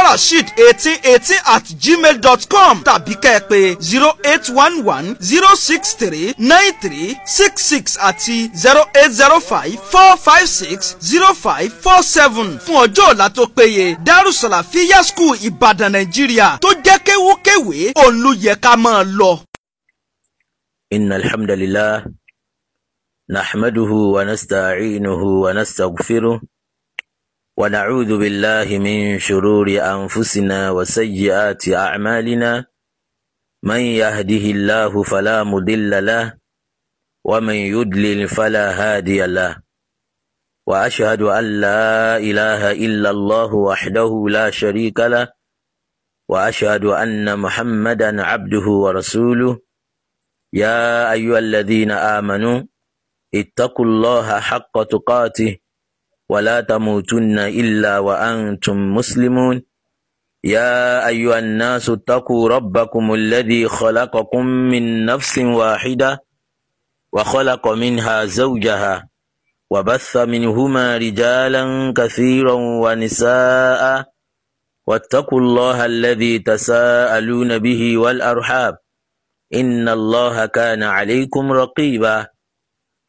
farasheed eighteen eighteen at gmail dot com tàbí kẹ́ẹ̀pè zero eight one one zero six three nine three six six àti zero eight zero five four five six zero five four seven fún ọjọ́ ọ̀la tó péye darussalafiya school ìbàdàn nàìjíríà tó jẹ́ kéwúkéwé òun máa lọ. إن الحمد لله نحمده ونستعينه ونستغفره ونعوذ بالله من شرور أنفسنا وسيئات أعمالنا من يهده الله فلا مضل له ومن يدلل فلا هادي له وأشهد أن لا إله إلا الله وحده لا شريك له وأشهد أن محمدا عبده ورسوله يا أيها الذين آمنوا اتقوا الله حق تقاته ولا تموتن إلا وأنتم مسلمون يا أيها الناس اتقوا ربكم الذي خلقكم من نفس واحدة وخلق منها زوجها وبث منهما رجالا كثيرا ونساء واتقوا الله الذي تساءلون به والأرحاب إن الله كان عليكم رقيباً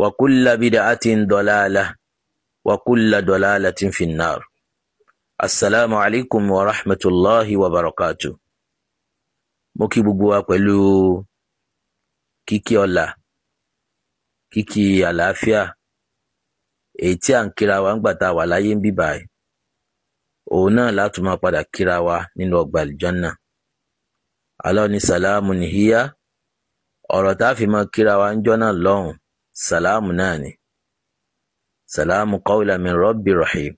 وكل بدعة ضلالة وكل ضلالة في النار السلام عليكم ورحمة الله وبركاته mo kí gbogbo wa pẹ̀lú kíkí ọlá kíkí àlàáfíà èyí tí à ń kíra wa ńgbà tá a wà láyé ń bí báyìí òun náà láti máa padà kíra wa nínú ọgbà àlùjọ́nà alọ́ ni sàlámù nìhíyá ọ̀rọ̀ tá a fi máa kíra wa ń jọ́ lọ́hùn sàlámù náà ni sàlámù qawlan min rabbi rahim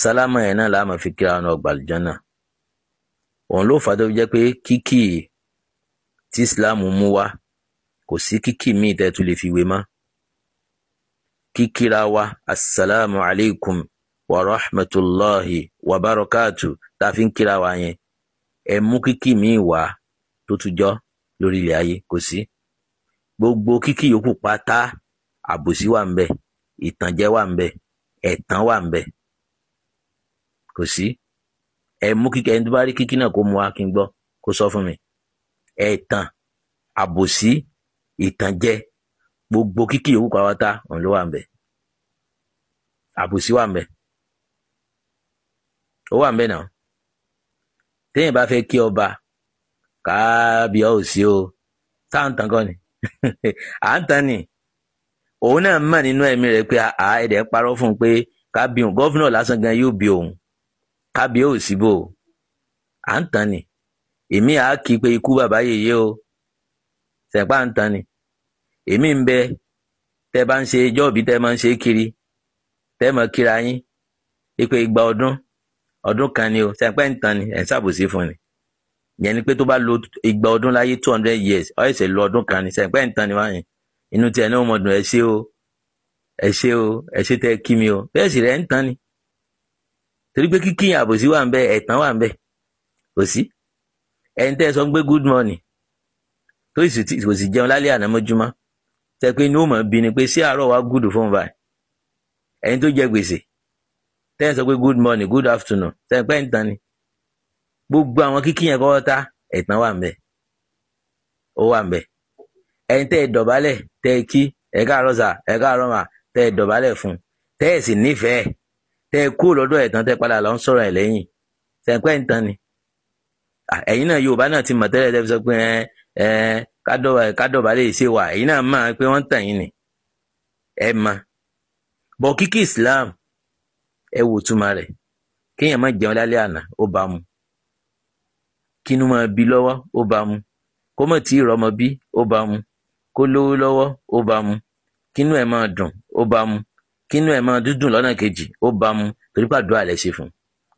sálámù yẹn náà láàmú fi kíra ọ̀nà ọgbà àlùjánà òun ló fà á tó fi jẹ́ pé kíkì tí islam mú wá kò sí kíkì míì tẹ́ tún lè fi wé mọ́ kíkìra wa asalaamu alaykum wa rahmatulahi wa barakatu tá fi ń kíra wa yẹn ẹ mú kíkì míì wá tó tún jọ lórí ilẹ̀ ayé kò sí. Si gbogbo kíkì yòókù pátá àbòsí wà ńbẹ̀ ìtànjẹ wà ńbẹ̀ ẹ̀tàn wà ńbẹ̀ kò sí ẹ mú kíkì ẹni tó bá rí kíkì náà kó mu wá kí n gbọ́ kó sọ fún mi ẹ̀tàn àbòsí ìtànjẹ gbogbo kíkì yòókù pátá òun ló wà ńbẹ̀ àbòsí wà ńbẹ̀ ó wà ńbẹ̀ náà téèyàn bá fẹ́ kí ọba káàbíọ́ òsì o táǹtàn kan ni Anthony òun náà mọ̀ nínú ẹ̀mí rẹ̀ pé àá ẹ̀dẹ̀ parọ́ fún un pé kábí òun lásán gan yóò bí òun kábí ò síbò Anthony èmi àá kí pé ikú bàbá yèyé o sẹ̀pá Anthony èmi ń bẹ tẹ bá ń ṣe jọ́ọ̀bì tẹ máa ń ṣe kiri tẹ máa kíra yín ipe igba ọdún ọdún kan ni o sẹ̀pẹ́ ń tan ni ẹ̀ ń ṣàbòsí fún ni yẹn ni pé tó bá lo igba ọdún láyé two hundred years ọ ẹsẹ̀ lo ọdún kan ní sẹ́yìn pẹ́ẹ́n tán ni wọ́n yẹn inú tiẹ̀ náà mọ̀ dùn ẹ ṣé o ẹ ṣé o ẹ ṣé tẹ́ kí mi o bẹ́ẹ̀ sì rẹ̀ ń tán ni torí pé kíkí àbòsí wà ń bẹ ẹ̀tàn wà ń bẹ kò sí ẹni tẹ́ sọ ń gbé good morning tó sì kò sì jẹun lálẹ́ àná mọ́júmọ́ tẹ́ pé inú mọ̀ bí ni pé sí àárọ̀ wa gúdù fún báyìí ẹni tó jẹ gbèsè tẹ́ sọ pé good morning good afternoon tẹ́ pẹ́ ń tán ni gbogbo àwọn kíkí yẹn kọ́ ta ẹ̀tàn wà ńbẹ̀ ó wà ńbẹ̀ ẹni tẹ́ ẹ dọ̀bálẹ̀ tẹ́ ẹ kí ẹ káàárọ̀ sà ẹ káàárọ̀ mà tẹ́ ẹ dọ̀bálẹ̀ fún tẹ́ ẹ sì nífẹ̀ẹ́ tẹ́ ẹ lọ́dọ̀ ẹ̀tàn tẹ́ padà sọ̀rọ̀ ẹ̀ lẹ́yìn ti mọ̀ tẹ́lẹ̀ tẹ́ fi sọ pé kádọ̀bálẹ̀ ṣe wà ẹ̀yin náà mọ̀ ni ẹ mọ̀ Islam ẹ wò túmọ̀ rẹ̀ kéèyàn má jẹun lálẹ́ àná ó bá mu kínú máa bí lọ́wọ́ ó bá mu kó mọ̀ tí ìrọmọ bí ó bá mu kó lówó lọ́wọ́ ó bá mu kínú ẹ̀ máa dùn ó bá mu kínú ẹ̀ máa dúdùn lọ́nà kejì ó bá mu torí pàdúrà lẹ ṣe fún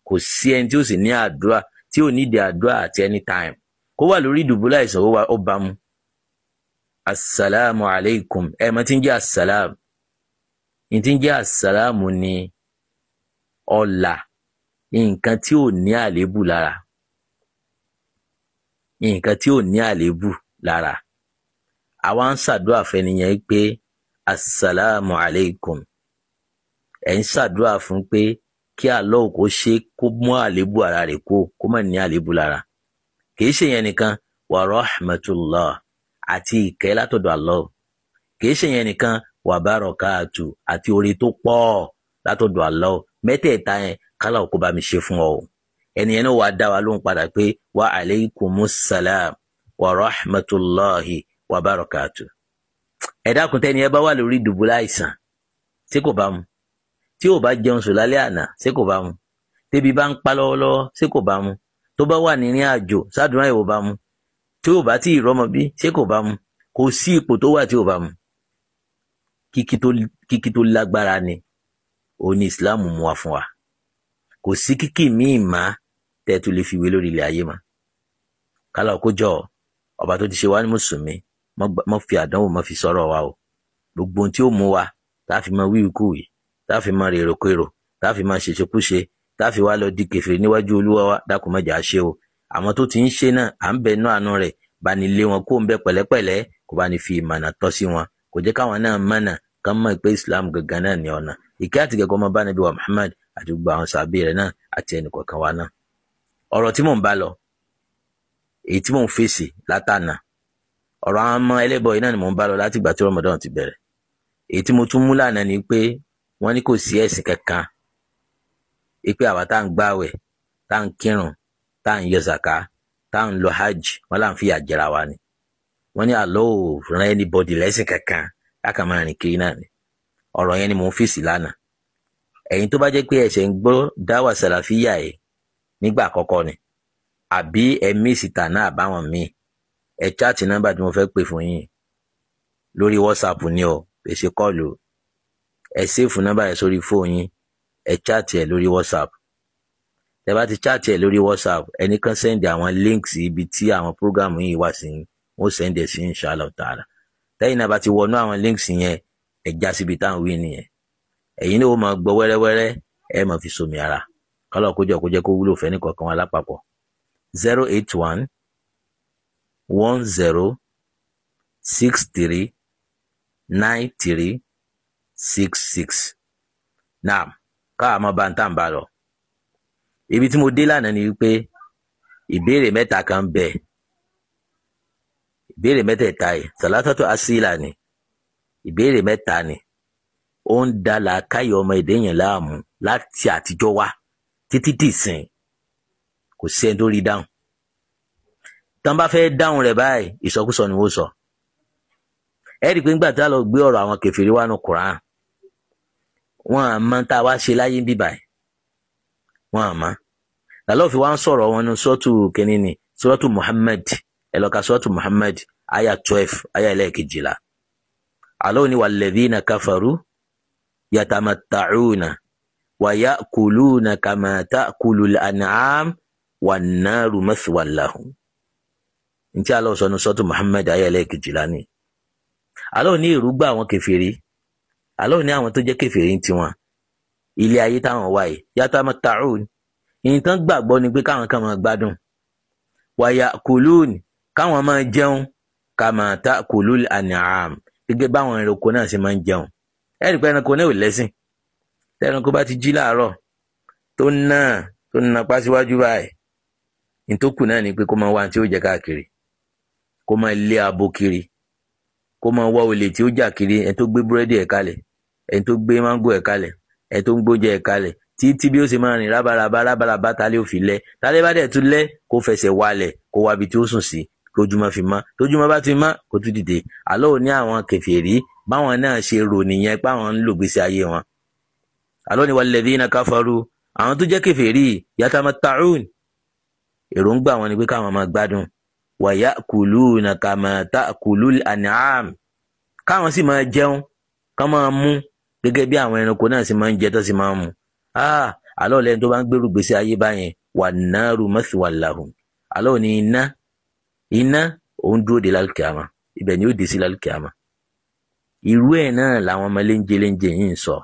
kò sí ẹni tí ó sì ní àdúrà tí ò nídìí àdúrà àti any time kó wà lórí ìdùbúlẹ̀ àìsàn ó bá mu asalaamu aleykum ẹ mọ̀ tí ń jẹ́ asalaam ní tí ń jẹ́ asalaamu ni ọlà nǹkan tí ò ní àléébù lára nǹkan tí ò ní àléébù lára àwa ń ṣàdúrà fẹ́niyẹn pé asalaamu aleykum ẹ̀ ń ṣàdúrà fún pé kí àlọ́ kó ṣe kó mú àléébù ara rẹ̀ kó kó má ní àléébù lára kìí ṣe yẹn nìkan wa rahmatullah àti ìkẹ́ látọ̀dọ̀ Allah kìí ṣe yẹn nìkan wa barakatu àti oore tó pọ̀ látọ̀dọ̀ Allah mẹ́tẹ̀ẹ̀ta yẹn kálá òkú bá mi ṣe fún ọ ẹni yẹn náà wàá dá wa lóhùn padà pé wa alaykumus salam wa rahmatulahi wa barakatu. ẹ dákun tẹ́ni ẹ bá wà lórí dùbúlẹ̀ àìsàn ṣé kò bá mu tí ò bá jẹun sùn lálẹ́ àná ṣé kò bá mu tẹ́bi bá ń pa lọ́wọ́lọ́wọ́ ṣé kò bá mu tó bá wà nírìn àjò sádùn àìwò bá mu tí ò bá tí ì rọ́mọ bí ṣé kò bá mu kò sí ipò tó wà tí ò bá mu kíkí tó lágbára ni òun ni Islam mú wa fún wa kò sí kíkí míì máa tẹ́ ẹ tún lè fi wé lórí ilẹ̀ ayé mà kálá ọkọ jọ ọba tó ti ṣe wá ní mùsùlùmí má fi àdánwò má fi sọ̀rọ̀ wa o gbogbo ohun tí ó mú wa tá a fi máa wí ikú yìí tá a fi máa rèrò tá a fi máa ṣèṣekúṣe tá a fi wá lọ di kèfèrí níwájú olúwa wa dákun má jẹ́ á ṣe o àwọn tó ti ń ṣe náà à ń bẹ inú àánú rẹ̀ bá ní lé wọn kó ń bẹ pẹ̀lẹ́pẹ̀lẹ́ kó bá ní fi ìmọ̀nà tọ́ sí wọn kò jẹ́ káwọn náà mọ̀nà kán mọ̀ pé islam gangan náà ní ọ̀nà ìkẹ́ àtìgẹ́kọ́ ọmọ bá nàbí wa muhammad àti gbogbo àwọn sàbí rẹ̀ náà àti ẹnìkọ̀ọ̀kan wa náà ọ̀rọ̀ tí mò ń bá lọ èyí tí mò ń fèsì látànà ọ̀rọ̀ àwọn ọmọ ẹlẹ́bọ yìí náà ni mò ń bá lọ láti ìgbà tí Ramadan ti bẹ̀rẹ̀ èyí tí mo tún mú lánàá ni pé wọ́n ní kò sí ẹ̀sìn kankan pé àwa tá à ń gbààwẹ̀ tá à ń kírun tá à ń yọ tá à ń lọ hajj wọ́n là ń fìyà jẹra wa ni wọ́n ní àlọ́ ò rán anybody lẹ́sìn kankan káàkà máa rìn kiri náà ni ọ̀rọ̀ yẹn ni mò ń fèsì lánàá ẹ̀yin tó bá jẹ́ pé ẹ̀ṣẹ̀ ń gbọ́ dáwà sàlàfíyà ẹ̀ nígbà àkọ́kọ́ ni àbí ẹ miss Tana àbáwọn míì ẹ chaàtì nọ́mbà tí mo fẹ́ pè fún yín lórí whatsapp ni o pèsè kọ́ọ̀lù ẹ sèfù nọ́mbà yẹn sórí fóònù yín ẹ chaàtì ẹ lórí whatsapp tẹ bá ti chaàtì ẹ lórí whatsapp ẹni kan sẹ́ndì àwọn links ibi tí àwọn program yìí wà sí wọ́n sẹ́ndì ẹ̀ sí inshallah taala tẹ́yìn náà bá ti wọnú àwọn links yẹn ẹ já síbi táwọn wí nìyẹn ẹ̀yin ni ó máa gbọ́ wẹ́rẹ́wẹ́rẹ́ ẹ máa fi somi ara kọ́lọ̀ kójọ kó jẹ́ kó wúlò fẹ́ ní kọ̀ọ̀kan wa lápapọ̀ zero eight one one zero six three nine three six six náà káwa mọ bá ń tàn bá lọ ibi tí mo dé lánàá ni wípé ìbéèrè mẹ́ta kan bẹ ìbéèrè mẹ́tẹ̀ẹ̀ta yìí sàlátọ́tò asílà ni ìbéèrè mẹ́ta ni ó ń da làákàyè ọmọ èdè yẹn láàmú láti àtijọ́ wá títí dìsìn kò sí ẹni tó rí dáhùn tán bá fẹ́ dáhùn rẹ̀ báyìí ìsọkúsọ ni wọ́n sọ ẹ rí i pé nígbà tá a lọ gbé ọ̀rọ̀ àwọn kẹfìrí wa nu Quran wọn à mọ tá a wá ṣe láyé bíbà yìí wọn à mọ làlọ́ fi wá ń sọ̀rọ̀ wọn ní sọ́tù kínní ni sọ́tù Muhammad ẹ lọ ka aya twelve aya ẹlẹ́ẹ̀kejìlá àlọ́ ni wàlẹ́dínà káfàrú yàtàmàtàrúnà. وَيَأْكُلُونَ كَمَا تَأْكُلُ الْأَنْعَامُ وَالنَّارُ مَثْوًى لَهُمْ. Ntí Allah sọ ní sọ́tù Muhammad ayẹlẹ́ kejìlá ni. Allah ní ìrúgbà àwọn kẹfìrí. Allah ní àwọn tó jẹ́ kẹfìrí ń tiwọn. Ilé ayé táwọn wáyé yatamatta'un. Ìyìntàn gbàgbọ́ ni pé káwọn kan máa gbádùn. وَيَأْكُلُونَ káwọn máa jẹun kàmá ta'kulul an'am gẹ́gẹ́ báwọn ẹranko náà ṣe máa ń jẹun. Ẹ̀rì pé ẹranko náà ò lẹ́sìn tẹ́ranko bá ti jí láàárọ̀ tó nà tó napá síwájú báyìí nítòkù náà ni pé kó máa wá tí ó jẹ káàkiri kó máa lé abo kiri kó máa wá olè tí ó jà kiri ẹni tó gbé búrẹ́dì ẹ̀ kalẹ̀ ẹni tó gbé máńgò ẹ̀ kalẹ̀ ẹni tó ń gbóúnjẹ ẹ̀ kalẹ̀ títí bí ó ṣe máa rìn rábaraba rábaraba tálẹ́ ò fi lẹ́ tálẹ́ bá dẹ̀ tún lẹ́ kó fẹsẹ̀ walẹ̀ kó wá ibi tí ó sùn sí tójúmọ́ fi mọ́ tójúmọ́ bá ti mọ́ kó tún dìde àlọ́ òní àwọn kẹfìrí báwọn náà ṣe rò nìyẹn páwọn ń lògbèsè ayé wọn alọ́ ni walladhina kafaru àwọn tó jẹ́ kèfèrí yatamatta'un èròǹgbà wọn ni pé káwọn máa gbádùn wa ya'kuluna kama ta'kulul an'am káwọn sì máa jẹun ká máa mú gẹ́gẹ́ bí àwọn ẹranko náà sì máa ń jẹ tó sì máa ń mu ah, alọ́ lẹ́ni tó bá ń gbèrú gbèsè ayé báyẹn wannaru mathwal lahum alọ́ ni iná iná òun dúró de lálùkìyàmà ibẹ̀ ni ó dé sí lálùkìyàmà irú ẹ̀ náà làwọn ọmọ léńjẹ yìí ń sọ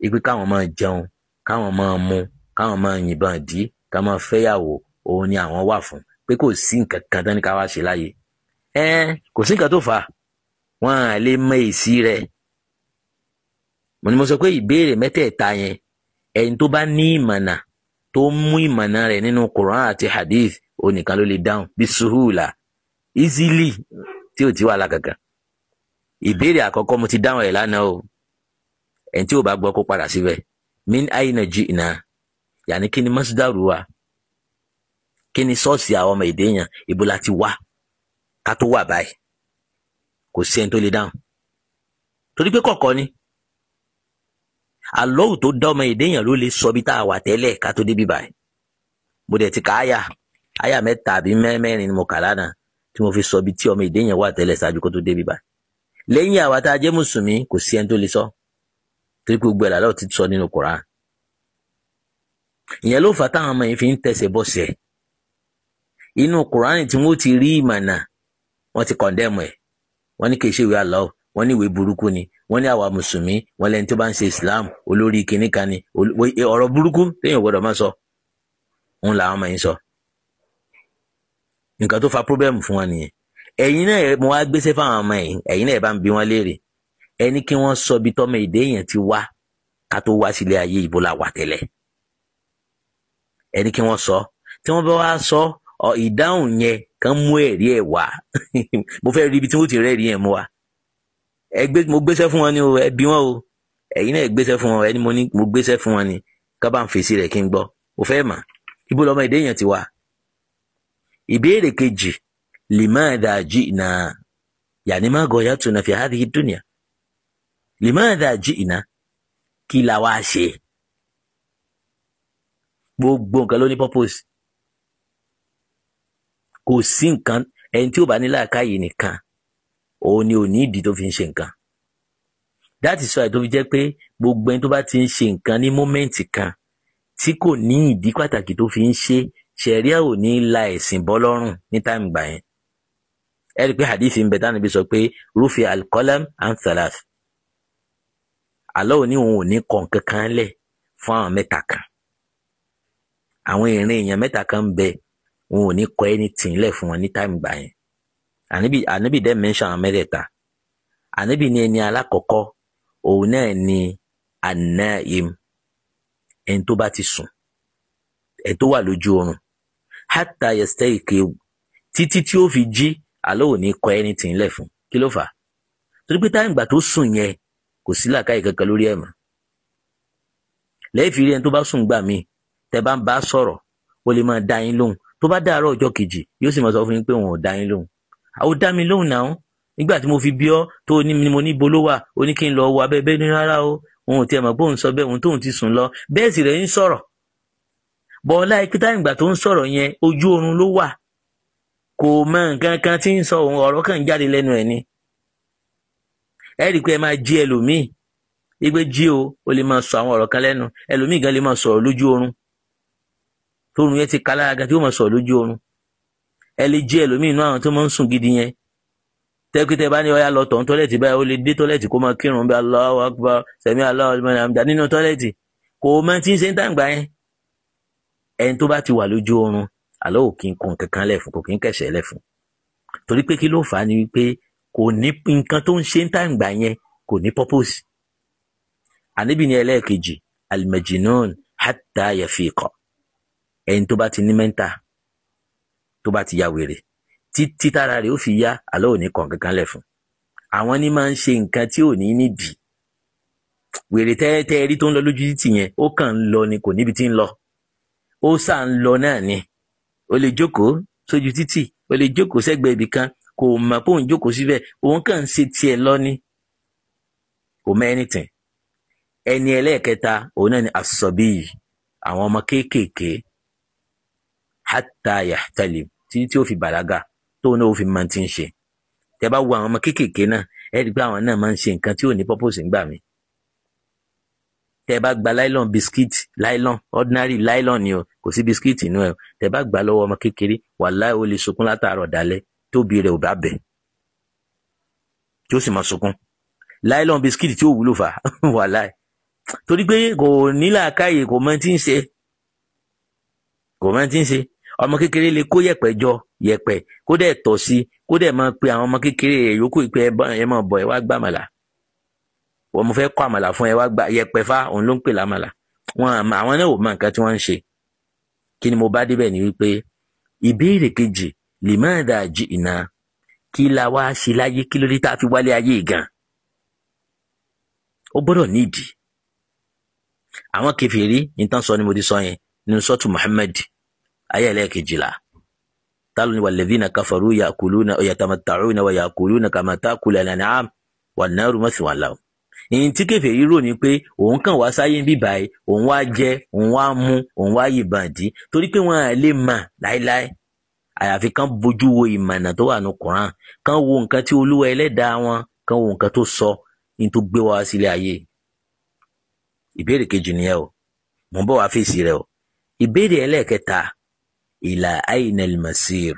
wípé káwọn máa jẹun káwọn máa mu káwọn máa yìnbọn dí ká máa fẹ́yàwó òun ni àwọn wà fún pé kò sí nǹkan kan tán ní ká wá ṣe láyé ẹn kò sí nǹkan tó fà á wọn à lè mọ èsì rẹ̀ mo ní mo sọ pé ìbéèrè mẹ́tẹ̀ẹ̀ta yẹn ẹni tó bá ní ìmọ̀nà tó mú ìmọ̀nà rẹ̀ nínú Quran àti hadith onìkan ló lè dáhùn bí suhula easily tí ò ti wà lákàkà ìbéèrè àkọ́kọ́ mo ti dáhùn ẹ̀ lánàá o ẹni tí ò bá gbọ́ kó padà síbẹ̀ min aina ji'na yàní kí ni masdaru wa kí ni sọ́ọ̀sì àwọn ọmọ èdè ti wá ká tó wà báyìí kò sí ẹni tó lè dáhùn torí pé kọ̀ọ̀kan ni àlọ́wù tó dá ọmọ èdè ló lè sọ bí tá a wà tẹ́lẹ̀ ká tó débi dẹ̀ ti kà àyà mẹ́ta àbí mẹ́rin ni mo kà tí mo fi sọ bí tí ọmọ èdè wà tẹ́lẹ̀ ṣáájú torí pé gbogbo ẹ̀ làlọ́ ti sọ nínú Quran ìyẹn ló fà táwọn ọmọ yìí fi ń tẹsẹ̀ bọ́sẹ̀ inú Quran tí wọ́n ti rí ìmọ̀nà wọ́n ti kọ̀ndẹ́mù ẹ̀ wọ́n ní kì í ṣe ìwé àlọ́ wọ́n ní ìwé burúkú ni wọ́n ní àwa mùsùlùmí wọ́n lẹ́ni tó bá ń ṣe Islam olórí kìíní kan ni e, ọ̀rọ̀ burúkú téèyàn gbọ́dọ̀ máa sọ òun làwọn ọmọ yìí sọ nǹkan tó fa pírọ́bẹ́mù fún wọn nìyẹn ẹ̀yin náà mo wá gbéṣẹ́ fáwọn ọmọ yìí ẹ̀yin náà bá ń bi wọn léèrè ẹ ní kí wọ́n sọ ibi tọ́mọ èdè èèyàn ti wá ká tó wá sílé ayé ìbò la wà tẹ́lẹ̀ ẹ ní kí wọ́n sọ tí wọ́n bá wá sọ ọ ìdáhùn yẹn kàn mú ẹ̀rí ẹ̀ wá mo fẹ́ rí ibi tí wọ́n ti rẹ́ẹ̀rí ẹ̀ mú wa ẹ mo gbéṣẹ́ fún wọn ni o ẹ wọn o ẹ̀yin náà gbéṣẹ́ fún wọn ẹni mo ní mo gbéṣẹ́ fún wọn ni ká bá ń fèsì rẹ̀ kí n gbọ́ mo fẹ́ mà ibo lọmọ èdè èèyàn ti wá ìbéèrè kejì lèmọ́ ẹ̀dá jì náà yàní má gọ̀ọ́yà tó nà fi dúnìá lèmọ́ọ̀dà jí iná kí la wá ṣe gbogbo nǹkan ló ní purpose kò sí nǹkan ẹni tí ò bá ní làákàyè nìkan òun ni ò ní ìdí tó fi ń ṣe nǹkan that is why tó fi jẹ́ pé gbogbo ẹni tó bá ti ń ṣe nǹkan ní mọ́mẹ́ǹtì kan tí kò ní ìdí pàtàkì tó fi ń ṣe ṣẹ̀ríà ò ní la ẹ̀sìn bọ́ lọ́rùn ní táìmù gbà yẹn ẹ rí i pé hadith ń bẹ tánàbí sọ pé rufi alqalam an thalath Allah ní òun ò ní kọ nǹkan kan lẹ̀ fún àwọn mẹ́ta kan àwọn ìrìn èèyàn mẹ́ta kan ń bẹ òun ò ní kọ anything lẹ̀ fún wọn ní táìmù gbà yẹn ànábì ànábì dẹ́ mention àwọn mẹ́tẹ̀ẹ̀ta ànábì ní ẹni alákọ̀ọ́kọ́ òun náà ni anaim ẹni tó bá ti sùn ẹni tó wà lójú oorun hatta yastayqi títí tí ó fi jí Allah ò ní kọ anything lẹ̀ fún kí ló fà torí pé táìmù gbà tó sùn yẹn kò sí làkàyè kankan lórí ẹ̀ mọ́ lẹ́yìn fi rí ẹni tó bá sùn gbà míì tẹ́ bá ń bá sọ̀rọ̀ ó lè máa dá yín lóhùn tó bá dàárọ̀ ọjọ́ kejì yóò sì máa sọ fún yín pé òun ò dá yín lóhùn àwọn dá mi lóhùn náà nígbà tí mo fi bí ọ tó ní ni mo ní bolo wà ó ní kí n lọ wọ abẹ́ ní rárá o òun ò tiẹ̀ mọ̀ pé òun sọ bẹ́ẹ̀ òun tóun ti sùn lọ bẹ́ẹ̀ sì rẹ̀ ń sọ̀rọ̀ bọ́ọ̀lá ìkítá ìgbà tó ń sọ̀rọ̀ yẹn ojú oorun ló wà kò mọ nǹkan kan tí ń sọ òun ọ̀rọ̀ kàn jáde lẹ́nu ẹ̀ ni ẹ rí i pé ẹ máa jí ẹlòmíì igbe jí o ó lè máa sọ àwọn ọ̀rọ̀ kan lẹ́nu ẹlòmíì gan lè máa sọ̀rọ̀ lójú oorun tóorun yẹn ti kala aga tí ó máa sọ̀rọ̀ lójú oorun ẹ lè jí ẹlòmíì inú àwọn tó máa ń sùn gidi yẹn tẹ́kítẹ́ bá ní ọ̀yà lọ tọ̀ ń tọ́lẹ̀tì báyìí ó lè dé tọ́lẹ̀tì kó máa kírun bí Allahu sẹ̀mí liman ti oorun kò ní nǹkan tó ń ṣe ń tàǹgbà yẹn kò ní purpose. àníbi ni ẹlẹ́ẹ̀kejì alimẹjinun hata yafiqa ẹni tó bá ti ní mẹ́ńtà tó bá ti ya wèrè títí tára rẹ̀ ó fi yá àlọ́ òní kan kankan lẹ̀ fún àwọn ní máa ń ṣe nǹkan tí ò ní nídìí wèrè tẹ́ẹ́tẹ́ rí tó ń lọ lójú títì yẹn ó kàn ń lọ ni kò níbi tí ń lọ ó sà ń lọ náà ni ó lè jókòó sójú títì ó lè jókòó sẹ́gbẹ̀ẹ́ ibì kan kò mọ̀ pé òun jókòó síbẹ̀ òun kàn ń ṣe tiẹ̀ lọ ni kò mọ̀ anything ẹni ẹlẹ́ẹ̀kẹta òun náà ni àsọ̀bí àwọn ọmọ kéékèèké hátà yàtàlì títí tí ó fi bàlágà tóun náà ó fi máa ti ń ṣe tẹ bá wo àwọn ọmọ kéékèèké náà ẹ rí i pé àwọn náà máa ń ṣe nǹkan tí ò ní purpose ń gbà mí tẹ bá gba nylon biscuit nylon ordinary nylon ni o kò sí biscuit inú ẹ tẹ bá gbà lọ́wọ́ ọmọ kékeré wàláì ó lè sunkún látàárọ̀ dálẹ́ tóbi rẹ̀ ò bá bẹ̀ tí ó sì máa sunkún láìlọ́n bisikíìtì tí ò wúlò fà wàláì torí pé kò nílàákàyè kò mọ tí ń ṣe kò mọ tí ń ṣe ọmọ kékeré lè kó yẹ̀pẹ̀ jọ yẹ̀pẹ̀ kó dẹ̀ tọ̀ sí kó dẹ̀ máa pe àwọn ọmọ kékeré rẹ̀ yòókù pé ẹ máa bọ̀ ẹ wá gbà màlà wọ́n mo fẹ́ kọ́ àmàlà fún ẹ wá gbà yẹ̀pẹ̀ fa òun ló ń pè lámàlà wọn àwọn náà ò mọ nǹkan tí wọ́n ń ṣe kí ni mo bá débẹ̀ ni wípé ìbéèrè kejì lèmọ́ọ̀dà jìnnà kí la wá ṣe láyé kí ló dé tá a fi wálé ayé gan ó gbọ́dọ̀ nídìí àwọn kẹfìrí nǹkan sọ ni mo ti sọ yẹn nínú sọ́tù Muhammad ayé ẹlẹ́ẹ̀kejìlá táwọn ni walladhina kafaru ya'kuluna yatamatta'una wa ya'kuluna kama ta'kulu al-an'am wan-naru mathwan lahum ìyìn tí kẹfìrí rò ní pé òun kàn wá sáyé bí báyìí òun wá jẹ òun mu òun wá torí pé wọn mà àyàfi kán bójú wo ìmọ̀nà tó wà ní Quran kán wo nǹkan tí olúwa ẹlẹ́dàá wọn kán wo nǹkan tó sọ ní tó gbé wá sílé ayé ìbéèrè kejì nìyẹn o mò ń bọ̀ wá fèsì rẹ o ìbéèrè ẹlẹ́ẹ̀kẹta ìlà àyìnà masir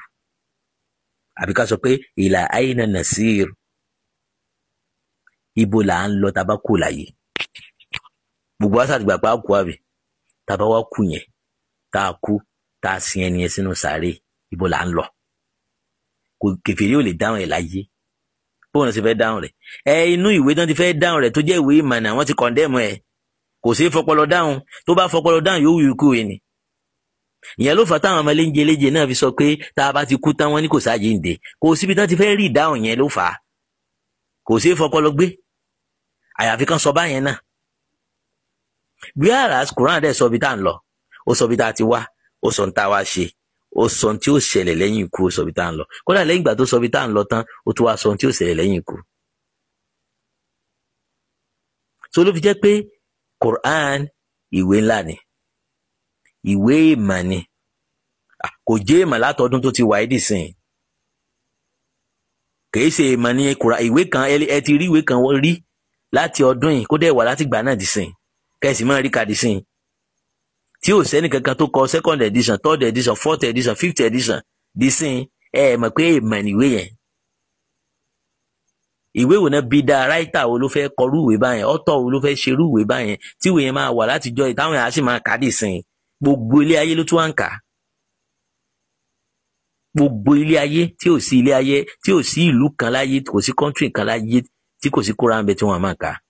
àbí ká sọ pé ìlà àyìnà nasir ibo là ń lọ taba kú láyé gbogbo wa sàtìgbà pa kú àbí taba wa kú yẹn tá a kú tá a sin ẹni yẹn sínú sàárè ibo là ń lọ kò kèfèrí ò lè dáhùn ẹ̀ láyé bóun ló ṣe fẹ́ dáhùn rẹ̀ ẹ inú ìwé tán ti fẹ́ dáhùn rẹ̀ tó jẹ́ ìwé ìmọ̀nà wọ́n ti kọ̀ndẹ́mù ẹ̀ kò sí fọpọlọ dáhùn tó bá fọpọlọ dáhùn yóò wù ikú yìí ni ìyẹn ló fà táwọn ọmọ eléńjẹ eléńjẹ náà fi sọ pé tá a bá ti kú tán wọn ní kò sáàjì ń dé kò síbi tán ti fẹ́ rí ìdáhùn yẹn ló fà á kò sí fọpọlọ gbé àyàfi kan sọ báyẹn náà bí àrà Quran dẹ̀ sọ bí tá à ń lọ ó sọ bí tá a ti wá ó sọ ń tá a wá ṣe ó sọ ohun tí ó ṣẹlẹ̀ lẹ́yìn ikú ó sọ ibi tá à ń lọ kódà lẹ́yìn ìgbà tó sọ tá à ń lọ tán ó tún wá sọ tí ó ṣẹlẹ̀ lẹ́yìn ikú. so ló fi jẹ́ pé Quran ìwé ńlá ni ìwé ìmọ̀ ni kò jẹ́ ìmọ̀ látọdún tó ti wà ẹ́ dì sìn kìí ṣe ìmọ̀ ní Quran ìwé kan ẹ ti rí ìwé kan rí láti ọdún yìí kó dẹ̀ wà láti gbà náà dì sìn kẹ́sì máa rí kàdí sìn tí ò sẹ́ni kankan tó kọ second edition third edition fourth edition fifth edition di sin ẹ ẹ mọ̀ pé èèmọ̀ nìwé yẹn ìwé wo náà bí dáa ráìtà wo ló fẹ́ kọrú ìwé báyẹn ọ̀tọ̀ wo ló fẹ́ ṣerú ìwé báyẹn tí ìwé yẹn máa wà látijọ́ yìí táwọn yẹn á sì máa kà á dì sin gbogbo ilé ayé ló tún wá ń kà á gbogbo ilé ayé tí ò sí ilé ayé tí ò sí ìlú kan láyé kò sí kọ́ńtírì kan láyé tí kò sí kóra ń bẹ tí wọ́n máa kà á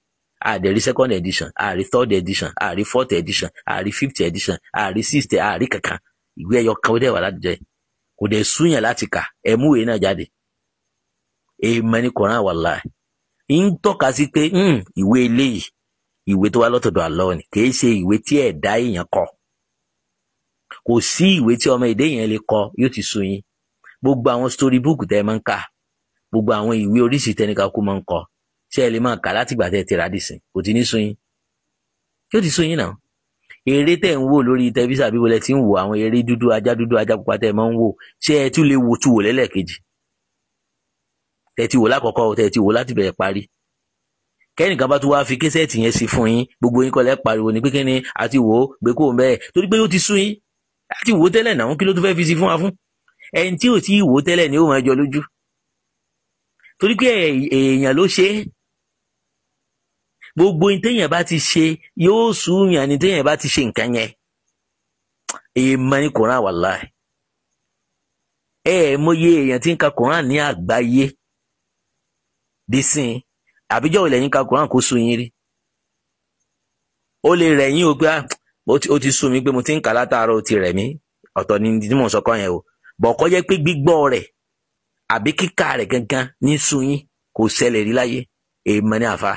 àdẹ̀rí second edition àrí third edition àrí fourth edition àrí fifth edition àrí sixth àrí kankan ìwé ẹyọ kan ó dẹ̀ wà láti jẹ kò dẹ̀ súyàn láti kà ẹ mú ìwé náà jáde èèmọ̀ ni koran wà láì ń tọ́ka sí pé hmm, ìwé eléyìí ìwé tó wá lọ́tọ̀dọ̀ Allah ni kì í ṣe ìwé tí ẹ̀dá èèyàn kọ kò sí ìwé tí ọmọ èdè yẹn lè kọ yóò ti sú yín gbogbo àwọn story book tẹ́ ẹ máa ń kà gbogbo àwọn ìwé oríṣìí tẹnika máa ń kọ ṣé ẹ lè máa kà látìgbà tẹ́ ti rà á dìsìn kò ti ní sún yín yóò ti sún yín náà eré tẹ́ ń wò lórí tẹlifíṣà bí wọlé ti ń wò àwọn eré dúdú ajá dúdú ajá pupa tẹ́ máa ń wò ṣé ẹ tún lè wò tún wò lẹ́lẹ́kejì tẹ́ ti wò lákọ̀ọ́kọ́ tẹ́ ti wò láti bẹ̀rẹ̀ parí kẹ́nìkan bá tún wá fi késẹ́ẹ̀tì yẹn sí fún yín gbogbo yín kọ́lẹ́ pariwo ní pínpín ní àti wò ó gbé kó bẹ́ẹ̀ torí pé ó ti sún yín wò tẹ́lẹ̀ náà kí ló tún fẹ́ fi sí fún wa fún ẹni tí ò tí wò tẹ́lẹ̀ ni ó máa jọ lójú torí pé èèyàn ló ṣe é gbogbo ní téèyàn bá ti ṣe yóò súnyàn ní téèyàn bá ti ṣe nǹkan yẹn èyí mọ ní koran wàláì ẹ ẹ mọye èèyàn tí ń ka koran ní àgbáyé dísìn àbíjọ́ ilẹ̀ yín ka koran kó sun yín rí ó lè rẹ̀ yín o pé ah, ó ti sú mi pé mo ti ń kà látàárọ̀ ó ti rẹ̀ mí ọ̀tọ̀ ni tí sọ kọ́ yẹn o bọ̀ kọ́ jẹ́ pé gbígbọ́ rẹ̀ àbí kíkà rẹ̀ gangan ní sun yín kò ṣẹlẹ̀ rí láyé èèmọ̀ ní àfa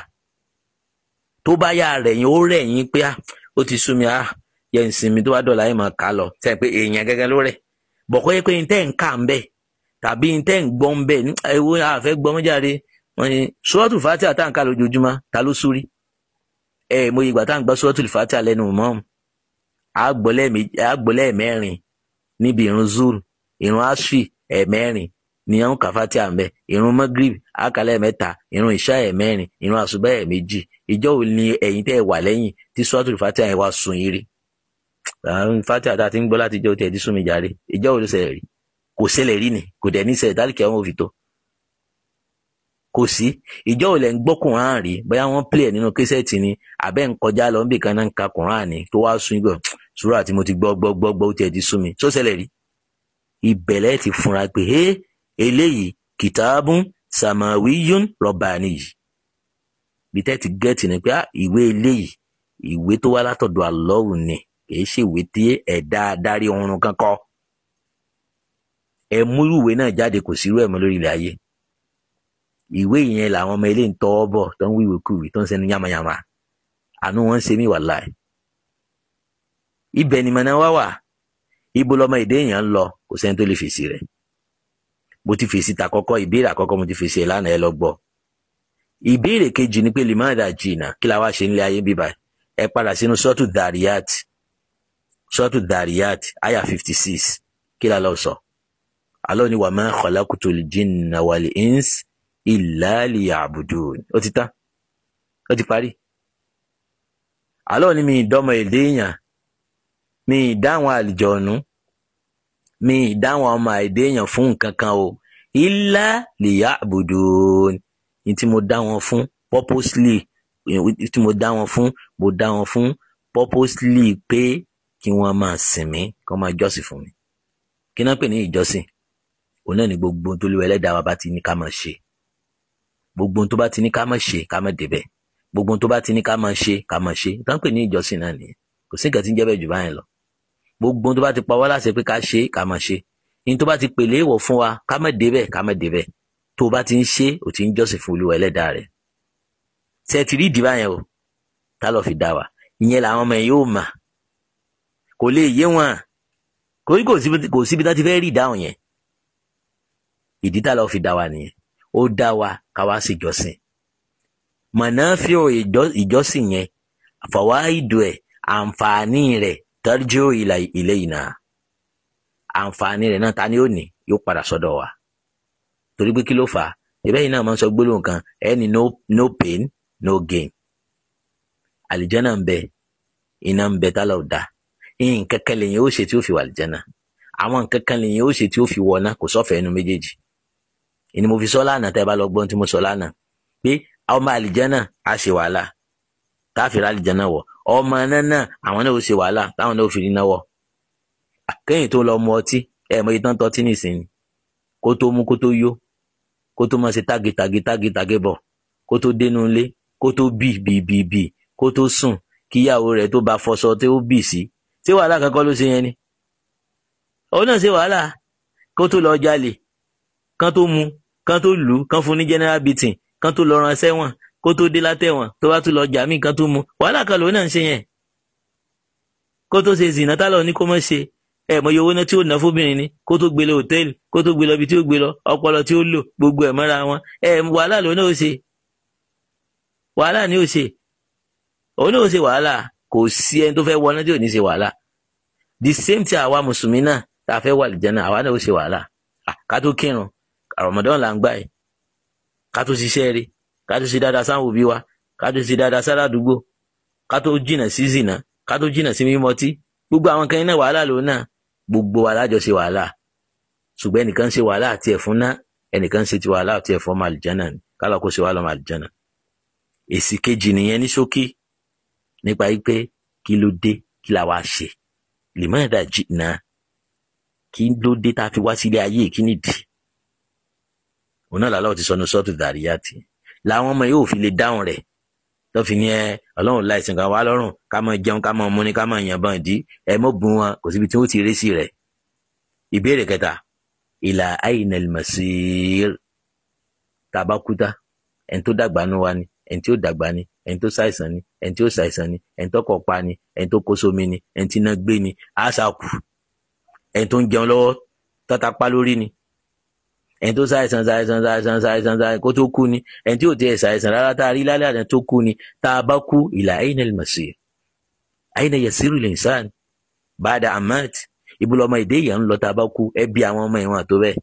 tó bá yà rẹ̀ yín ó rẹ̀ yín pé ah, ó ti sú mi ah yẹ ìsinmi tó bá dọ̀la yẹn máa kà á lọ tẹ́ pé èèyàn gẹ́gẹ́ ló rẹ̀ bọ̀kọ́ yẹ pé n tẹ́ ń kà ń bẹ̀ tàbí n tẹ́ ń gbọ́ ń bẹ̀ ewu àfẹ́ gbọ́ mọ́jáde wọ́n ní sọ́ọ̀tù fàtí àtàǹkà lójoojúmọ́ ta ló súrí ẹ mo yìí gbà tá à ń gbọ́ sọ́ọ̀tù fàtí àlẹ́nu mọ́ àgbọ̀lẹ́mẹ́rin níbi ìrun zul ìrun asfi ẹ̀mẹ́rin ni à ń ka fatia ń bẹ irun magrib àkàlẹ mẹ́ta irun ìṣá ẹ mẹ́rin irun àṣùbà ẹ méjì ìjọ ò ní ẹ̀yin tẹ́ ẹ wà lẹ́yìn tí suratul fatia ẹ wá sun yìí rí fatia tá a ti ń gbọ́ láti jẹ́ òtí ẹ̀ ti sún mi jàre ìjọ ò ló ṣẹlẹ̀ rí kò ṣẹlẹ̀ rí ni kò dẹ̀ ní ṣẹlẹ̀ dálìkẹ́ wọn ò fi tó kò sí ìjọ ò lẹ̀ ń gbọ́ kùnrán rí bóyá wọ́n plẹ̀ nínú késẹ́ẹ̀tì ni àbẹ́ ń kọjá lọ níbi kan náà ń ka kùnrán ni tó wá ti gbọ́ gbọ́ eléyìí kìtàbùn sàmàwíyún rọ̀bàní yìí bí tẹ́tí gẹ́ẹ̀tì ni pé ah, ìwé eléyìí ìwé tó wá látọ̀dọ̀ àlọ́wù ni kìí ṣe ìwé tí ẹ̀dá adarí ọ̀run kan kọ ẹ mú ìwé náà jáde kò sírú ẹ̀ mọ́ lórí ilẹ̀ ayé ìwé yẹn làwọn ọmọ ilé ń tọwọ́ bọ̀ tó ń wíwèé kúwèé tó ń sẹnu yàmàyàmà àánú wọn ń ṣe mí wàláì ibẹ̀ ni mọ̀nà wá wà ibo lọmọ èdè èèyàn ń lọ kò sẹ́ni tó lè fèsì rẹ̀ mo ti fèsì ta kọ́kọ́ ìbéèrè àkọ́kọ́ mo ti fèsì ẹ̀ lánàá ẹ lọ gbọ́ ìbéèrè kejì ni pé limada jìnnà kí la wá ṣe nílé ayé bíbá ẹ padà sínú sọ́tù dariyat sọ́tù dariyat aya fifty six kí la lọ sọ Allah ni wa ma khalaqtul jinna ins illa liya'budun ó ti tán ó ti parí Allah ni mi ìdọ́mọ èdè èèyàn mi ìdáhùn àlìjọ̀nù mi ìdáhùn ọmọ àìdé èèyàn fún nǹkan kan o ilá lìyá àbùdó ní tí mo dá wọn fún purposely tí mo dá wọn fún mo dá wọn fún purposely pé kí wọ́n máa sìn mí kí wọ́n máa jọ́sìn fún mi kí náà pè ní ìjọ́sìn òun náà ni gbogbo tó lé ẹlẹ́dàá wa bá ti ní ká máa ṣe gbogbo tó bá ti ní ká máa ṣe ká máa débẹ̀ gbogbo tó bá ti ní ká máa ṣe ká máa ṣe táwọn pè ní ìjọ́sìn náà nìyẹn kò sí nǹkan tí ń jẹ́ bẹ́ẹ̀ jù báyìí lọ gbogbo tó bá ti pa wá láṣẹ pé ká ṣe ká máa ṣe ní tó bá ti pèlè ìwọ̀ fún wa ká má débẹ̀ ká má débẹ̀ tó bá ti ń ṣe ò ti ń jọ́sìn fún olúwa ẹlẹ́dàá rẹ̀ ṣe ti rí ìdí báyẹn o tá lọ fi dá wa ìyẹn làwọn ọmọ yẹn yóò mà kò lè yé wọn kò kò síbi tá ti fẹ́ rí ìdáhùn yẹn ìdí tá lọ fi dá wa nìyẹn ó dá wa ká wá sí ìjọsìn mọ̀nà fi ìjọsìn yẹn àfọwọ́ ìdù ẹ̀ àǹfààní rẹ̀ tọ́jú ìlà ilé ìnà àǹfààní rẹ̀ náà ta ni ó ní yóò padà sọ́dọ̀ wa torí pé kí ló fà á ìbẹ́ yìí náà máa ń sọ gbólóhùn kan ẹni no no pain no gain àlìjẹ́nà ń bẹ iná ń bẹ tálà ò da nǹkan kan lèyìn ó ṣe tí ó fi wà àlìjẹ́nà àwọn nǹkan kan lèyìn ó ṣe tí ó fi wọná kò sọ́fẹ̀ẹ́ ẹnu méjèèjì ìní mo fi sọ lánàá tẹ́ bá lọ gbọ́n tí mo sọ lánàá pé ọmọ àlìjẹ́nà á ṣe wàhálà táàfin àlìjẹ́nà wọ̀ ọmọ náà náà àwọn náà ó ṣe wàhálà táwọn náà ó fi rí náwọ kẹ́yìn tó lọ mu ọtí ẹ mọ itan tọtí nìsín kó tó mú kó tó yó kó tó máa ṣe tági tági tági tági bọ̀ kó tó dénú ilé kó tó bì bì bì bì kó tó sùn kíyàwó rẹ̀ tó bá fọṣọ tí ó bì sí ṣé wàhálà kankan ló ṣe yẹn ni òun náà ṣe wàhálà kó tó lọ jalè kán tó mu kán tó lù kán fún ní general beating kán tó lọ ran sẹ́wọ̀n kó tó dé látẹ̀wọ̀n tó bá tún lọ jà mí kan tó mu wàhálà kan lòun náà ń ṣe yẹn kó tó ṣe zìnà tá lọ ní kó mọ̀ ṣe ẹ mọ iye owó náà tí ó ná fóbìnrin ni kó tó gbé lọ hòtẹ́ẹ̀lì kó tó gbé lọ ibi tí ó gbé lọ ọpọlọ tí ó lò gbogbo ẹ̀ mọ́ra wọn ẹ wàhálà lòun náà ó ṣe wàhálà ni ó ṣe òun náà ó ṣe wàhálà kò sí ẹni tó fẹ́ wọ náà tí ò ní ṣe wàhálà the same ti Ramadan là ń gbà ká tó ṣe dáadáa sáwọn òbí wa ká tó ṣe dáadáa sádàdúgbò ká tó jìnà sí zìnà ká tó jìnà sí mímọtí gbogbo àwọn kan iná wàhálà lòun náà gbogbo wa lájọ ṣe wàhálà ṣùgbọ́n ẹnìkan ṣe wàhálà àti ẹ̀fún náà ẹnìkan ṣe ti wàhálà àti ẹ̀fún ọmọ àlìjánà ni kálọ̀ kó ṣe wàhálà ọmọ àlìjánà. èsì kejì nìyẹn ní ṣókí nípa pé kí ló dé kí la wá ṣe lèmọ́ọ̀dà jìnnà kí òun náà làlọ́ ti sọnù sọ́ọ̀tù dàríyá tiẹ̀ làwọn ọmọ yóò fi lè dáhùn rẹ̀ tó fi ní ẹ ọlọ́run láìsàn kan wá lọ́rùn ká máa jẹun ká máa múni ká máa yànbọn ìdí ẹ mọ́ bùn wọn kò síbi tí wọ́n ti rí sí rẹ̀. ìbéèrè kẹta ìlà àyìnà ìmọ̀síìr tàbá kúta ẹni tó dàgbà ní wa ni ẹni tí ó dàgbà ni ẹni tó ṣàìsàn ni ẹni tí ó ṣàìsàn ni ẹni tó kọ̀ pa ni ẹni tó kó sómi ni ẹni tí iná gbé ni àṣà kù ẹni tó ń jẹun lọ́wọ́ tọ́ta pa lórí ni ẹni tó ṣàìsàn ṣàìsàn ṣàìsàn ṣàìsàn ṣàìsàn kó tó kú ni ẹni tí ò tiẹ̀ ṣàìsàn rárá tá a rí lálẹ́ àná tó kú ni tá a bá kú ìlà ayna al-masir ayna yasiru al-insan ba'da amat ibùdó ọmọ èdè yẹn ń lọ tá a bá kú ẹbí àwọn ọmọ ìwọn àtọ bẹ́ẹ̀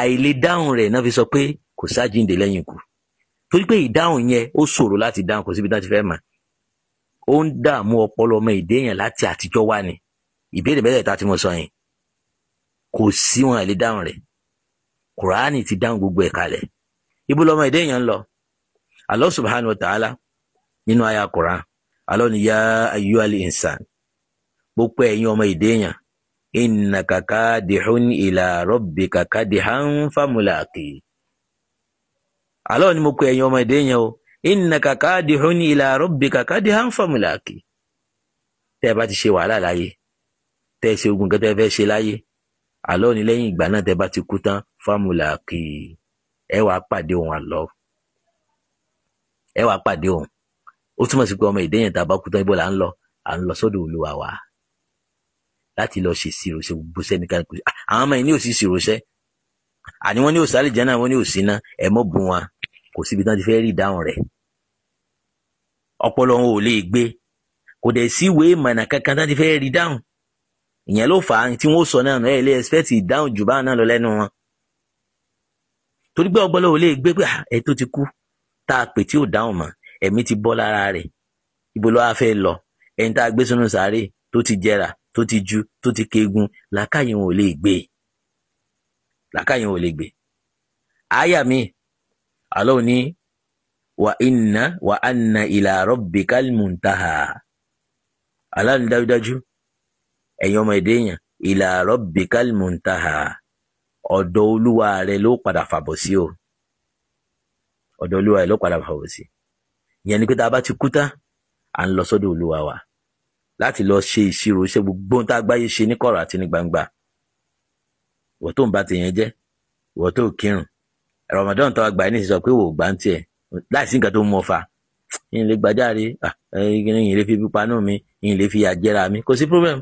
àìlè dáhùn rẹ̀ náà fi sọ pé kò sájínde lẹ́yìn ikú torí pé ìdáhùn yẹn ó ṣòro láti dáhùn kò síbi tá a ti fẹ́ mọ̀ ó ń dààmú ọpọlọ ọmọ èdè yẹn láti àtijọ́ wá ni ìbéèrè mẹ́tẹ̀ẹ̀ta tí mo kùránì ti dáhùn gbogbo ẹ̀ kalẹ̀ ibo lọmọ èdè èèyàn ń lọ Allah subhanahu wa ta'ala nínú àyà kùrán Allah ni ya ayyuhal insan gbogbo ẹ̀yin ọmọ èdè èèyàn innaka kadihun ila rabbika kadihan famulaqi Allah ni mo pe ẹ̀yin ọmọ èdè èèyàn o innaka kadihun ila rabbika kadihan famulaqi tẹ́ ẹ bá ti ṣe wàhálà láyé tẹ́ ẹ ṣe ogun kẹ́tẹ́ fẹ́ ṣe láyé Allah ni lẹ́yìn ìgbà náà tẹ́ ẹ bá ti kú tán fámúlákìí ẹ wàá pàdé òun àlọ́ ẹ wàá pàdé òun ó túmọ̀ sí pé ọmọ èdè yẹn tá a bá kú tán ibo là ń lọ à ń lọ sọ́dọ̀ olúwa wa láti lọ ṣe ìṣirò ṣe gbogbo sẹ́ni ká kú àwọn ọmọ yẹn ní òsì ìṣirò ṣẹ́ àní wọ́n ní òsì àlìjánà wọ́n ní òsì iná ẹ̀ mọ́ bùn wa kò síbi tán ti fẹ́ rí ìdáhùn rẹ̀ ọpọlọ wọn ò lè gbé kò dẹ̀ sí ìwé ìmọ̀nà kankan tán ti fẹ́ rí dáhùn ìyẹn ló fà á tí wọ́n sọ náà ẹ̀ lè expect ìdáhùn jù báwọn náà lọ lẹ́nu wọn torí pé ọpọlọ ò lè gbé pé ah, ẹ tó ti kú tá a pè tí ò dáhùn mọ́ ẹ̀mí ti bọ́ lára rẹ̀ ibo ló wá fẹ́ lọ ẹni tá a gbé sínú sàárè tó ti jẹrà tó ti ju tó ti kegun làákàyè ò lè gbé làákàyè ò lè gbé àyà mi àlọ́ òní wà inna wà anna ila rabbikal muntaha aláàánú dájúdájú ẹ̀yin ọmọ èdè èèyàn ila rabbikal muntaha ọ̀dọ̀ olúwa rẹ ló padà fàbọ̀ sí o ọ̀dọ̀ olúwa rẹ ló padà fàbọ̀ sí ìyẹn ni pé tá a bá ti kú tán à ń lọ sọ́dọ̀ olúwa wa láti lọ ṣe ìṣirò iṣẹ́ gbogbo tá a gbáyé ṣe ní kọ̀rọ̀ àti ní gbangba ìwọ tó ń ba tèèyàn jẹ́ ìwọ tó kírun Ramadan tó gbà ní sísọ pé wò gbà ń tiẹ̀ láìsí nǹkan tó mú ọ fa ìyìn lè gbajáre ìyìn lè fi pípa náà mi ìyìn lè fi àjẹra mi kò sí problem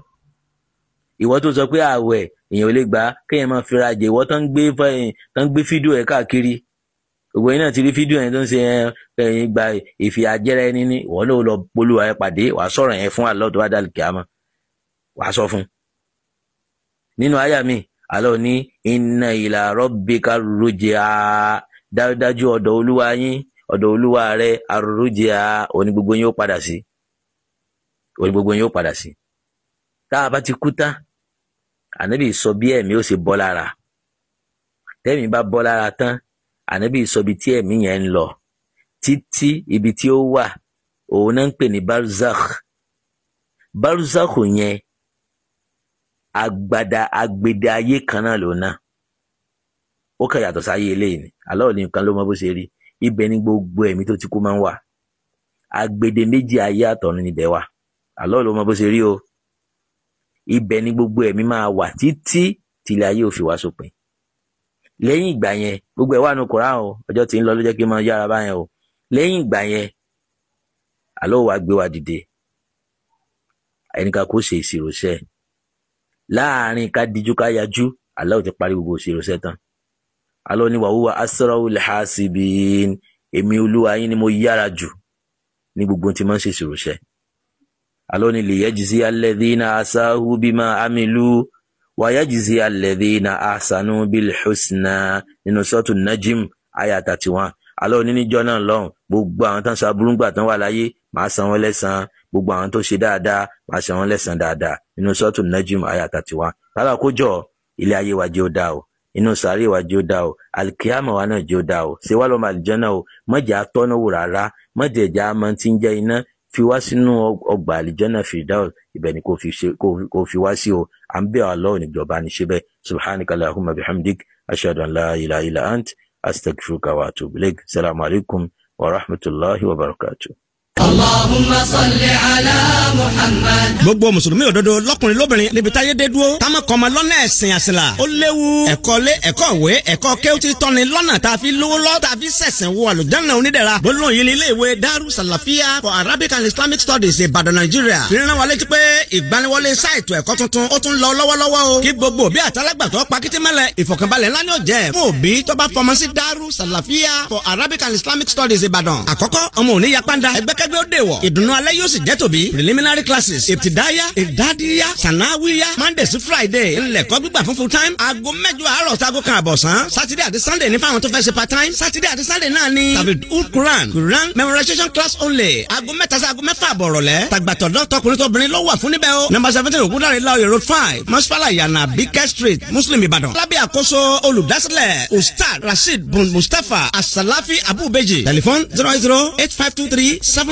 ìwọ tó sọ pé ààwẹ̀ èèyàn ò lè gbà kéèyàn máa fira jẹ ìwọ tó ń gbé tó ń gbé fídíò ẹ̀ káàkiri gbogbo yín náà ti rí fídíò yẹn tó ń ṣe ẹyin gba ìfìyàjẹrẹ ẹni ní ìwọ ló lọ polúwa ẹ pàdé wàá sọ̀rọ̀ yẹn fún Allah tó bá dàlù kíámà wàá sọ fún. nínú àyà mi Allah ní inna ila rabbika rujia dájúdájú ọ̀dọ̀ olúwa yín ọ̀dọ̀ olúwa rẹ arrujia òní yín ó padà sí òní yín ó padà sí tá a bá ti kú tán ànábì sọ bí ẹ̀mí ó ṣe bọ́ lára tẹ́mi bá bọ́ lára tán ànábì sọ ibi tí ẹ̀mí yẹn ń lọ títí ibi tí ó wà òun náà ń pè ní barzakh barzakh yẹn agbada agbede ayé kan náà lòun náà ó kàn yàtọ̀ sáyé eléyìí ni aláwọ̀ nìkan ló mọ bó ṣe rí ibẹ̀ ni gbogbo ẹ̀mí tó ti kú máa ń wà agbede méjì ayé àtọ̀run níbẹ̀ wà aláwọ̀ ló mọ bó ṣe rí o ibẹ̀ ni gbogbo ẹ̀mí máa wà títí tìlẹ̀ ayé òfin wá sópin lẹ́yìn ìgbà yẹn gbogbo ẹ̀ wà nù kóra o ọjọ́ tí ń lọ ló jẹ́ kí n máa yára báyẹn o lẹ́yìn ìgbà yẹn àlọ́ wa gbé wa dìde ẹnìkan kò ṣe ìṣirò láàrin ká díjú ká yajú àlọ́ ti parí gbogbo ìṣirò tán àlọ́ ni wàhùwà asọ́rọ̀ lẹ́hàásìbìn èmi olúwa yín ni mo yára jù ní gbogbo tí máa ń ṣe ìṣirò alóni lè yẹjìsí alẹ́dínà asáhu bímọ amílù wà yẹjìsí alẹ́dínà asanu bilhusna nínú sọ́tù najim aya thirty one alóni níjọ́ náà lọ́hùn gbogbo àwọn tán sábúrú gbà tán wà láyé màá san wọ́n lẹ́san gbogbo àwọn tó ṣe dáadáa màá san wọ́n lẹ́san dáadáa nínú sọ́tù najim aya thirty one tálà kójọ ilé ayé wa jẹ́ ó dáa o inú sàárè wa jẹ́ ó dáa o alikiyama wa náà jẹ́ ó dáa o ṣé wàá lọ́mọ àlìjẹ́ náà o mọ̀jà tọ́nà wò rárá mọ̀jẹ̀jà máa ti ń jẹ́ iná fi wá sínú ọgbà àlìjọ́nà firdaus ibẹ̀ ni kò fi wá sí o à ń bẹ̀ Allah níjọba ní ṣe bẹ́ẹ̀ subhanaka allahumma bihamdik ashhadu an la ilaha illa ant astaghfiruka wa atubu ilaik salamu alaykum wa rahmatulahi wa barakatuh. Allahumma salli ala Muhammad. gbogbo mùsùlùmí òdodo lọkùnrin lóbìnrin níbi táyé dé dúró táwọn kan máa lọ́nà ẹ̀sìn àṣìlá ó léwu ẹ̀kọ́ lé ẹ̀kọ́ ìwé ẹ̀kọ́ kéwútì tọ́ni lọ́nà tá a fi lówó lọ́ tá a fi sẹ̀sìn wo àlùjáná onídẹ̀ra gbólóhùn yìí ní ilé Daru Salafia for Arabic and Islamic Studies Ìbàdàn Nàìjíríà fìrìnà wa létí pé ìgbaniwọlé sáìtù ẹ̀kọ́ tuntun ó tún lọ lọ́wọ́lọ́wọ́ o kí gbogbo òbí àtàlágbàtọ́ pakitimẹ́lẹ̀ ìfọ̀kànbalẹ̀ ńlá ni ó jẹ́ fún òbí tó bá fọmọ sí Daru Salafia for Arabic and Islamic Studies Ìbàdàn àkọ́kọ́ ọmọ òní yapanda akẹgbẹ́ ó dèwọ̀ ìdùnnú alẹ́ yóò sì jẹ́ tòbí preliminary classes ìtìdáyà ìdádíyà sànáwíyà monday sí friday ńlẹ̀kọ́ gbígbà fún full time aago mẹ́jọ àárọ̀ sago kan àbọ̀sán saturday àti sunday ní fáwọn tó fẹ́ ṣe part time saturday àti sunday náà ni tàbí ul quran quran memorization class only aago mẹ́ta sí aago mẹ́fà àbọ̀rọ̀lẹ́ tàgbàtọ̀dọ̀ tọkùnrin tóbìnrin ló wà fún níbẹ̀ o number seventeen ògúndàrí lọ́ọ̀yẹ̀ road five mọ́sálà yànnà bíkẹ́ street muslim ìbàdàn lábẹ́ àkóso olùdásílẹ̀ ustaz rasheed bun mustapha asalafi abubeji telephone zero eight zero eight five two three seven